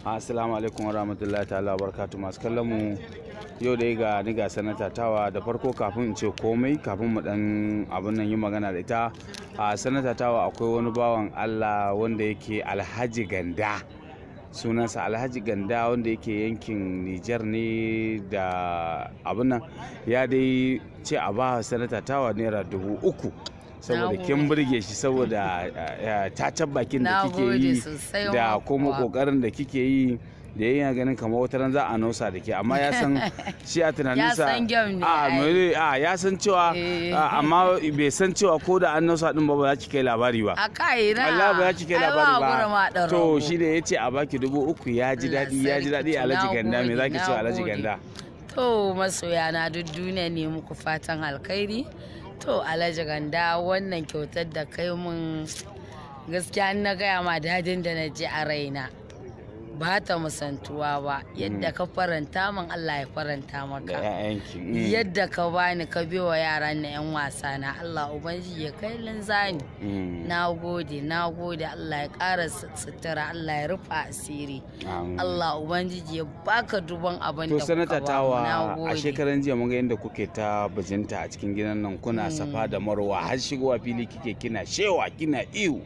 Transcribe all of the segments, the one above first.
assalamu alaikum wa rahmatullahi ta'ala barkatu masu kallon mu yau da ga ni ga sanata tawa da farko kafin in ce komai kafin mu dan abin nan yi magana da ita a sanata tawa akwai wani bawan Allah wanda yake Alhaji Ganda sunansa Alhaji Ganda wanda yake yankin Nijar ne da abin nan ya dai ce a ba sanata tawa naira dubu uku saboda kin burge shi saboda tacan eh, eh, bakin da kike yi da kuma kokarin da kike yi da yayin ganin kamar wata ran za a nausa da ke amma ya san shi a tunaninsa a ya san cewa eh. amma bai san cewa ko da an nausa din ba ba za ki kai labari ba a kai na Allah ba za ki kai labari ba to shi ne yace a baki dubu uku ya ji dadi ya ji dadi Alhaji Ganda me ki ce Alhaji Ganda to masoya na duk duniya ne muku fatan alkhairi to alhaji ganda wannan kyautar da kai mun gaskiya na gaya ma dadin da na ji a raina ba ta musantuwa ba yadda mm. ka faranta min Allah ya faranta maka mm. yadda ka bani ka biwa yaran na yan wasa na Allah ubangiji ya kai linzani mm. na gode na gode Allah ya kara sutura Allah ya rufa asiri Allah ubangiji ya baka duban abin da kuka ba a shekaran jiya mun ga yadda kuke ta bajinta a cikin gidan nan kuna safa da marwa har shigowa fili kike kina shewa kina ihu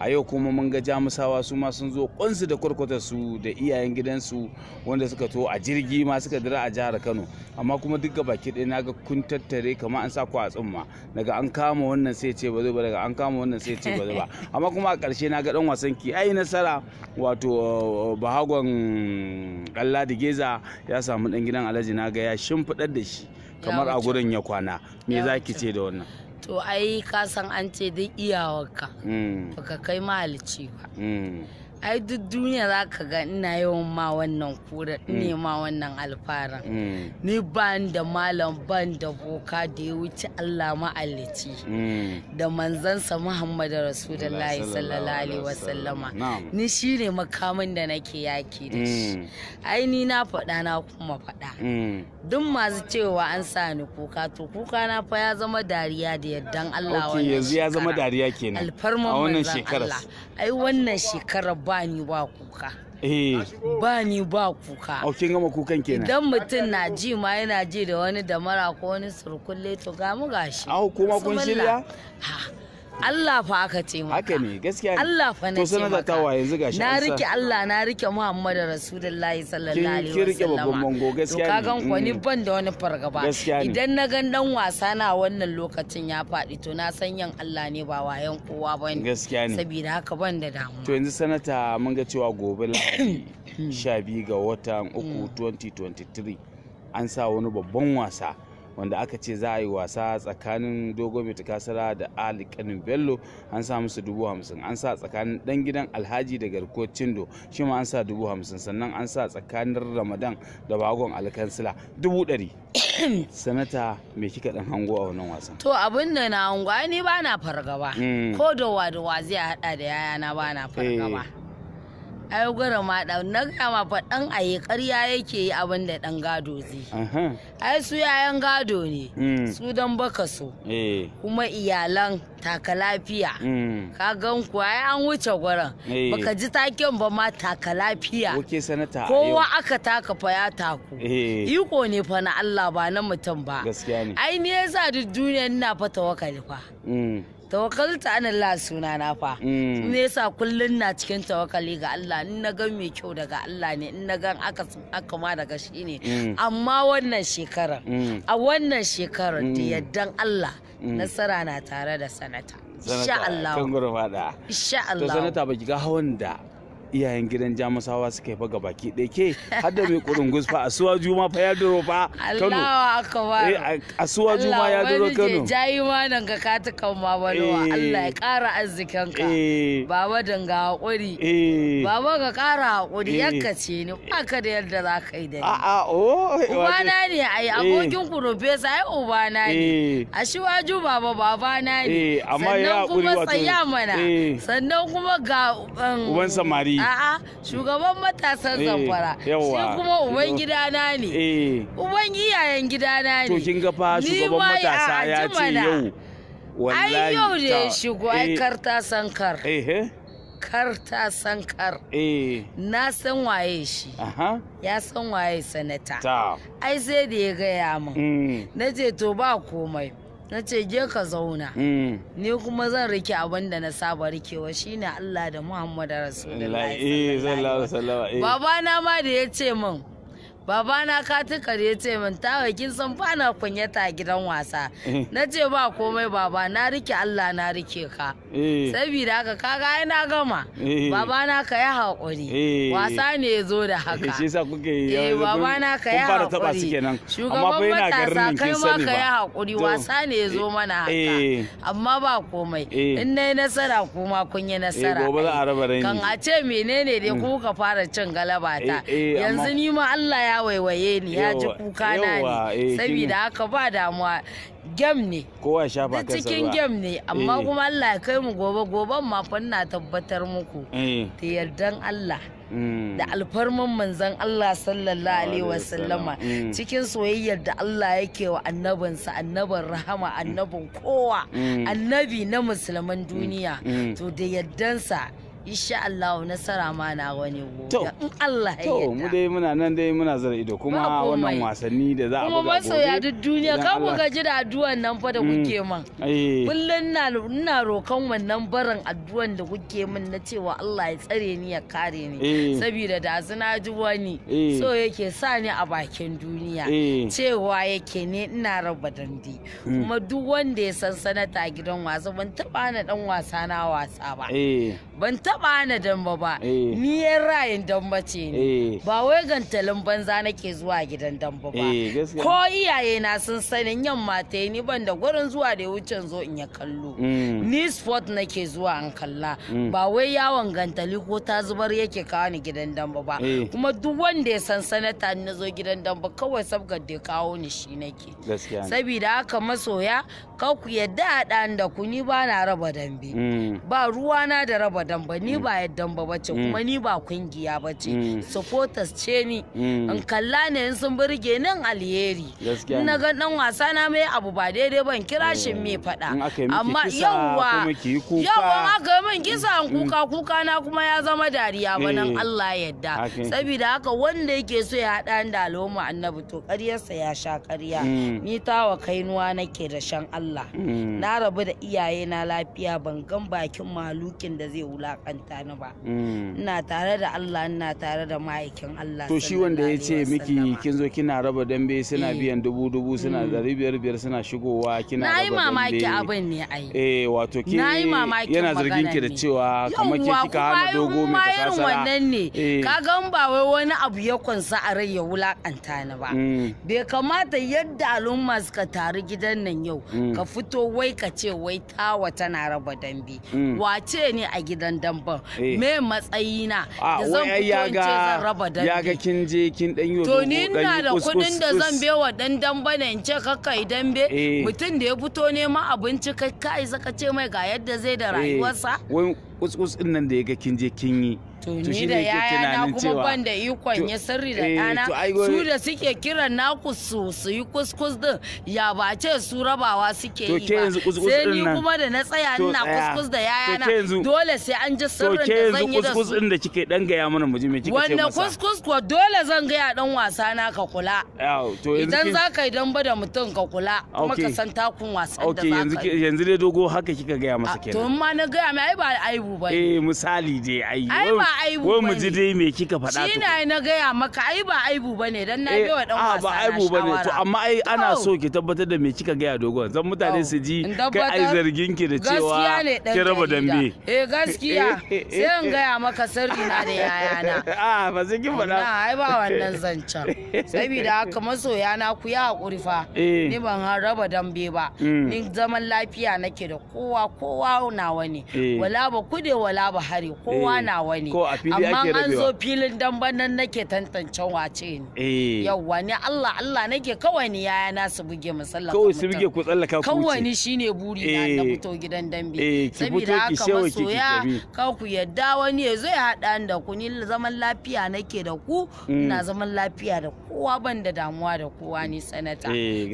a yau kuma mun ga jamusawa su ma sun zo kwansu da kwarkwata su da iyayen gidansu wanda suka to a jirgi ma suka dira a jihar kano amma kuma duk ga baki ɗaya naga kun tattare kamar an sa ku a tsumma daga an kama wannan sai ce ba zai ba daga an kama wannan sai ce ba zai ba amma kuma a ƙarshe naga dan wasan ki ai nasara wato uh, bahagon Allah da Geza ya samu dan gidan Alhaji naga ya shimfidar da shi kamar a gurin ya kwana me zaki ce da wannan To ai ka san an ce dai iyawarka mm. baka kai mahalicci ba mm. ai duk duniya za ka ga ina yawan ma wannan kura mm. ne ma wannan alfaran mm. ni ba da malam ban da boka da ya wuce Allah ma'alici mm. da manzansa Muhammadu Rasulullahi sallallahu alaihi wasallama ni shine makamin da nake yaki da shi ai ni na faɗa na kuma faɗa duk masu cewa an sa ni kuka to kuka na fa ya zama dariya da yardan Allah wannan shekara ya zama Allah wannan ai wannan shekarar ba ba kuka eh. ba ni ba kuka A oh, kin gama kukan kenan idan mutum na ji ma yana ji da wani damara ko wani surkulle to ga mu gashi au kuma kun shirya Allah fa aka ce maka haka ne gaskiya Allah fa na ce maka to sanar yanzu gashi na rike Allah na rike Muhammadu Rasulullahi sallallahu alaihi wasallam Ki rike babban mango gaskiya to kagan ko ni mm. ban da wani fargaba idan na gan dan wasa na wannan lokacin ya faɗi to na san yan Allah ne ba wayan kowa ne. gaskiya ne saboda haka ban da damuwa to yanzu sanata mun ga cewa gobe lahadi 12 mm. ga watan 3 2023 mm. an sa wani babban wasa wanda aka ce za a yi wasa tsakanin dogo mai takasara da ali bello an sa musu dubu hamsin an sa tsakanin dan gidan alhaji da garko cindo shi ma an sa dubu hamsin sannan an sa tsakanin ramadan da bagon alkansila dubu ɗari sanata me kika dan hango a wannan wasan to abin da na hango ni ba na fargaba mm. ko da wa zai hada da yaya na ba na fargaba eh. ai gura ma dan na gama fa dan ayi ƙarya yake yi abin da dan gado zai ai su yayan gado ne mm. su dan baka so eh. kuma iyalan taka lafiya mm. ka gan ku ai an wuce gurin eh. baka ji taken ba ma taka lafiya kowa aka taka fa ya taku eh. iko ne fa na Allah ba na mutum ba ai ne yasa duk duniya ina fa tawakkali fa mm. ta an Allah suna na fa me mm. yasa kullun na cikin tawakali ga Allah in na ga mai kyau daga Allah ne in na ga aka aka ma daga shi ne mm. amma wannan shekarar mm. a wannan shekarar da yaddan Allah nasara na tare da sanata insha Allah insha Allah to sanata baki ga hawan da iyayen gidan jamusawa suka fa gabaki ɗaya ke har da mai kurin gusfa a suwa juma fa ya duro fa kano eh, a suwa juma ya duro kano jayi ma nan ga kata kan ma eh. Allah ya ƙara arzikin ka eh. baba danga hakuri baba ka ƙara hakuri yanka ce ni ba ka da yadda za ka yi da ni a'a oh, o ubana ne a ai abokin ku profesa ai ubana ne a shiwa juma ba babana ne sannan kuma tsaya mana sannan kuma ga um, uban samari a'a shugaban matasan eh, zamfara shi kuma uban gidana ne eh. uban iyayen gidana ne to kin ga fa shugaban matasa ya ce yau wallahi ai yau da ya shigo eh. ai karta sankar karta sankar na san waye shi ya san waye sanata ai sai da ya gaya min mm. na ce to ba komai na ce je ka zauna mm. ni kuma zan rike abin da na saba rikewa shine Allah da Muhammadu Rasulullahi eh, sallallahu alaihi wasallam eh. babana ma da ya ce min babana ka tukar ya ce min ta kin san bana kunyata a gidan wasa eh. na ce ba komai baba na rike Allah na rike ka eh. saboda haka kaga ai na gama eh. babana ka yi haƙuri wasa ne ya zo da haka shi yasa kuke yi babana ka yi haƙuri shugaban matasa kai ma ka yi haƙuri wasa ne ya zo mana haka amma ba komai in na yi nasara kuma kun yi nasara kan a ce menene dai mm. ka fara cin galaba ta yanzu ni ma Allah ya waiwaye ni ya ji kuka na ne eh, saboda haka ba damuwa gem ne kowa cikin gem ne amma eh. kuma Allah ya kai mu gobe goben ma fa ina tabbatar muku eh. da yardan Allah mm. da alfarman manzon Allah sallallahu alaihi wasallama mm. cikin soyayyar da Allah yake wa annabinsa annabin rahama mm. annabin kowa annabi na musulman duniya to da yardansa insha Allah nasara ma na wani to in Allah ya yarda to mu dai muna nan dai muna zara ido kuma wannan wasanni da za a buga kuma ya duk duniya kan ku gaji da addu'an nan fa da kuke mm. man kullun na ina rokan wannan barin addu'an da kuke min na cewa Allah ya tsare ni ya kare ni eh. saboda da zina ji wani eh. so yake sa ni a bakin duniya eh. cewa yake ne ina raba dandi hmm. kuma duk wanda ya san sanata gidan wasa ban taba na dan wasa na wasa ba ban taba hana damba ba eh. ni yan rayin damba ce ni eh. ba wai gantalin banza nake zuwa gidan damba ba eh, ko iyaye na sun sanin yamma ta ni ban da gurin zuwa da ya wuce zo in ya kallo mm. ni sport nake zuwa an kalla mm. ba wai yawon gantali ko ta zubar yake kawo ni gidan damba ba kuma duk wanda ya san sanata na zo gidan damba kawai sabgar da kawo ni shi nake saboda haka masoya ka ku yadda a da ku ni ba na raba dambe mm. ba ruwana da raba dambe ni mm. ba yaddan ba bace mm. kuma ni ba kungiya bace mm. supporters ce ni in kalla ne in sun burge nan alheri ina ga dan wasa na mai abu ba daidai ban kira shi me fada amma yawa yawa aka yi min kisa an kuka kuka na kuma ya zama dariya ba nan eh. Allah yadda saboda haka wanda yake so ya hada da al'umma annabi to ƙaryarsa ya sha ƙarya ni tawa kainuwa nake da shan Allah na rabu da iyayena lafiya ban gan bakin malukin da zai wulaka wulakanta ni ba mm. ina tare da Allah ina tare da ma'aikin Allah to shi wanda ya ce miki kin zo kina raba dambe suna eh. biyan dubu dubu suna mm. dari biyar biyar suna shigowa kina raba dambe na yi mamaki abin ne ai eh wato ke yana zargin ki da cewa kamar ke kika hana dogo mai kasasara kuma wannan ne eh. kaga ba wai wani abu ya kunsa a rai ya wulakanta ni ba mm. bai kamata yadda al'umma suka taru gidan nan yau ka fito wai ka ce wai tawa tana raba dambe wace ne a gidan dambe ba eh. me matsayina da ah, zan fito raba dambe ya ga kin je kin dan yi to ni ina da kudin da zan wa dan dambe ne in ce kakai dambe eh. mutum da ya fito neman abinci kai kai zaka ce mai ga yadda zai da eh. rayuwarsa kutsutsu din nan da ya ga kin je kin yi to ni da yaya na kuma ban da ikon ya sirri da eh, ɗana su da suke kiran naku su su yi kuskus din ya ba ce su rabawa suke yi ba sai ni kuma da na tsaya ina kuskus da yaya na dole sai an ji sirrin da zan yi da su kuskus din da kike dan gaya mana muji me kike ce masa kuskus ko dole zan gaya dan wasa na ka kula idan za ka yi ba da mutum ka kula kuma ka san takun wasan da za ka yi yanzu dai dogo haka kika gaya masa kenan to in ma na gaya mai ai ba aibu abu ba eh misali dai ai ai ba aibu wai mu ji dai me kika faɗa to shine na gaya maka ai ba aibu ba ne dan na eh, wa dan wasa ba aibu ne to amma ai ana so ki tabbatar da me kika gaya dogon zan mutane su ji kai ai zargin ki da cewa ki raba dambe eh gaskiya sai in gaya maka sirri na da yaya na a ba sai kin faɗa na ai ba wannan zancen saboda haka masoya na ku ya hakuri fa eh. ni ban raba dambe ba mm. ni zaman lafiya nake da kowa kowa nawa ne eh. wala ba ku bude wala bahari kowa eh, na wani amma an zo filin damban nake tantance wace ne eh. yawwa ne Allah Allah nake kawai ni yaya na su buge musalla kawai su buge ku tsallaka ku kawai ni shine buri na na eh. fito gidan dambe saboda haka masoya ka ku yadda wani ya zo ya hada da ku ni zaman lafiya nake da ku mm. ina zaman lafiya da kowa ban da damuwa da kowa ni sanata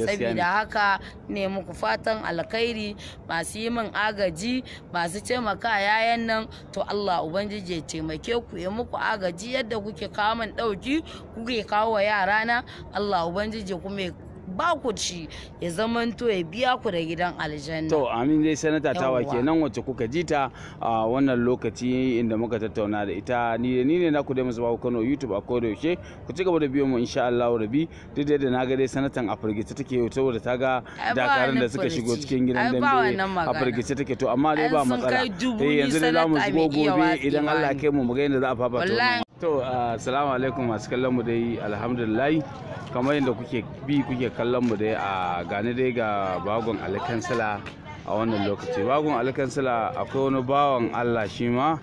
saboda haka ne muku fatan alkhairi masu yi min agaji masu taimaka yayan bayan nan to Allah ubangiji ya taimake ku ya muku agaji yadda kuke kawo min ɗauki kuke kawo wa yarana Allah ubangiji kuma ba ku ci ya to ya biya ku da gidan aljanna to amin dai sanata tawa kenan wacce kuka ji ta a wannan lokaci inda muka tattauna da ita ni ni ne naku da musu Kano YouTube a koda yake ku ci gaba da biyo mu insha Allah rabi duk da na ga dai sanatan a firgice take yau saboda ta ga dakarun da suka shigo cikin gidan dambe a firgice take to amma dai ba matsala eh yanzu ne za mu zo gobe idan Allah ya kai mu mu ga yadda za a fafata To, assalamu uh, alaikum masu kallon mu dai alhamdulillahi kamar yadda kuke bi kuke kallon mu dai a gane dai ga bagon alkansala a wannan lokaci. Bagon alkansala akwai wani bawan Allah shi ma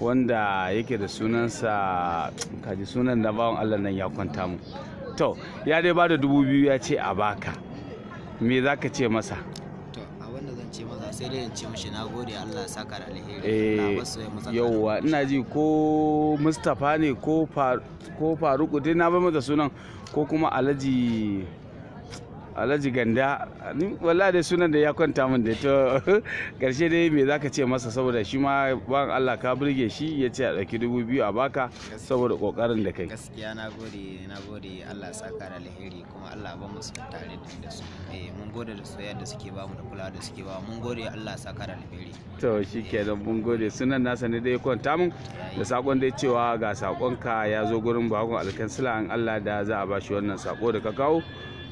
wanda yake da sunansa kaji sunan na bawan Allah nan ya kwanta mu. To, ya dai ba da dubu biyu ya ce a baka. Me za ka ce masa? ce masa sai dai ce mushi na gode Allah saka da alheri na eh, yauwa ina ji ko Mustapha ne ko Faruku dai na ba masa sunan ko kuma Alhaji alhaji ganda wala dai sunan da ya kwanta min da to karshe dai me zaka ce masa saboda shi ma ban Allah ka burge shi ya ce a ɗauki dubu biyu a baka saboda kokarin da kai gaskiya na gode na gode Allah ya saka da alheri kuma Allah ba mu su tare da su eh mun gode da su yadda suke ba mu da kula da suke ba mun gode Allah ya saka da alheri to shikenan mun gode sunan nasa ne dai kwanta min da sakon dai cewa ga sakonka ya zo gurin bakon alkansila an Allah da za a bashi wannan sako da ka kawo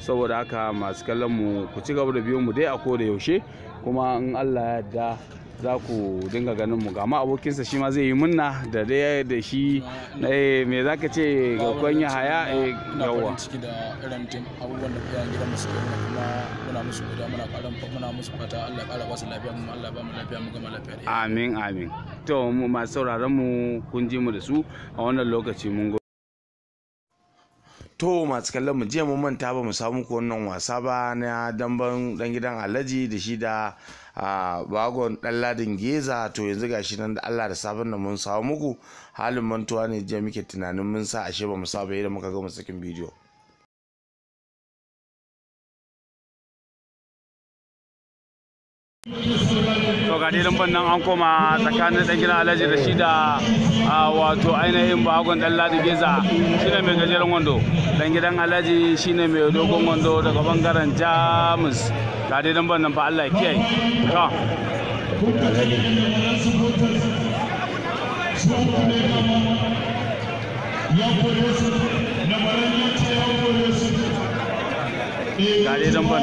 saboda haka masu kallon mu ku ci gaba da biyo mu dai a koda yaushe kuma in Allah ya yarda za ku dinga ganin mu ga ma abokinsa shi ma zai yi munna da dai da shi eh, me za ka ce ga kwanya haya eh, yawa ciki da irin tin abubuwan da kuyan gidan musu kuma muna musu guda muna karan muna musu fata Allah ya ba su lafiya mu Allah ba mu lafiya mu gama lafiya amin amin to mu masu sauraron mu kun ji mu da su a wannan lokaci mun to masu kallon mu jiya mun manta ba mu samu ko wannan wasa ba na damban dan gidan alhaji da shi da bagon dan ladin geza to yanzu gashi nan da Allah da sabon nan mun samu muku halin mantuwa ne jiya muke tunanin mun sa ashe ba mu saba yadda muka ga mu sakin bidiyo to ga lambar nan an koma tsakanin dan gina alhaji da shi da wato ainihin bagon dan ladi geza shine mai gajeren wando dan gidan alhaji shine mai dogon wando daga bangaren jamus ga dai lambar nan fa Allah ya kiyaye to ga lambar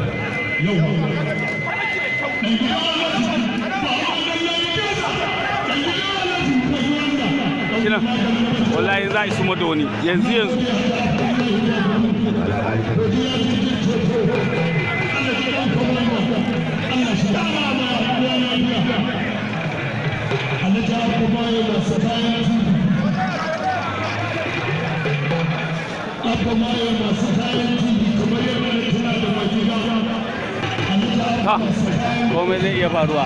kina wallahi za a isu mata wani yanzu yanzu Abba komai zai iya faruwa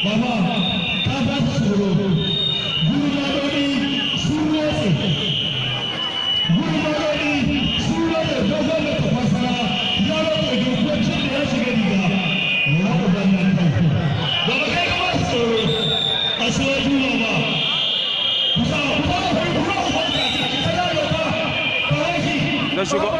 baba ka ba ta tsoro gurmadodi sun rotse gurmadodi sun rotse dogon da tafasara ya rotse dokokin da ya shiga riga na ubannan tafi baba kai ka ba tsoro a suwaju baba kusa na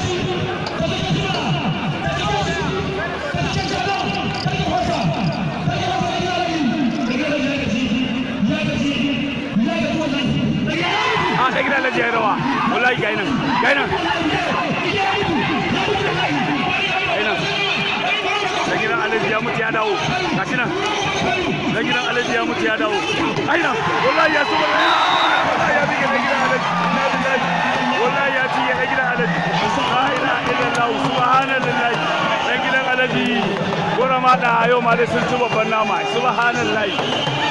daji ya rawa wallahi ga nan ga nan da gidan alaji ya mutu ya dawo ga shi nan da gidan alaji ya mutu ya dawo nan wallahi ya so wallahi ya gidan alaji wallahi ya gidan alaji da gidan alaji gora ma da yau ma dai sun ci babban nama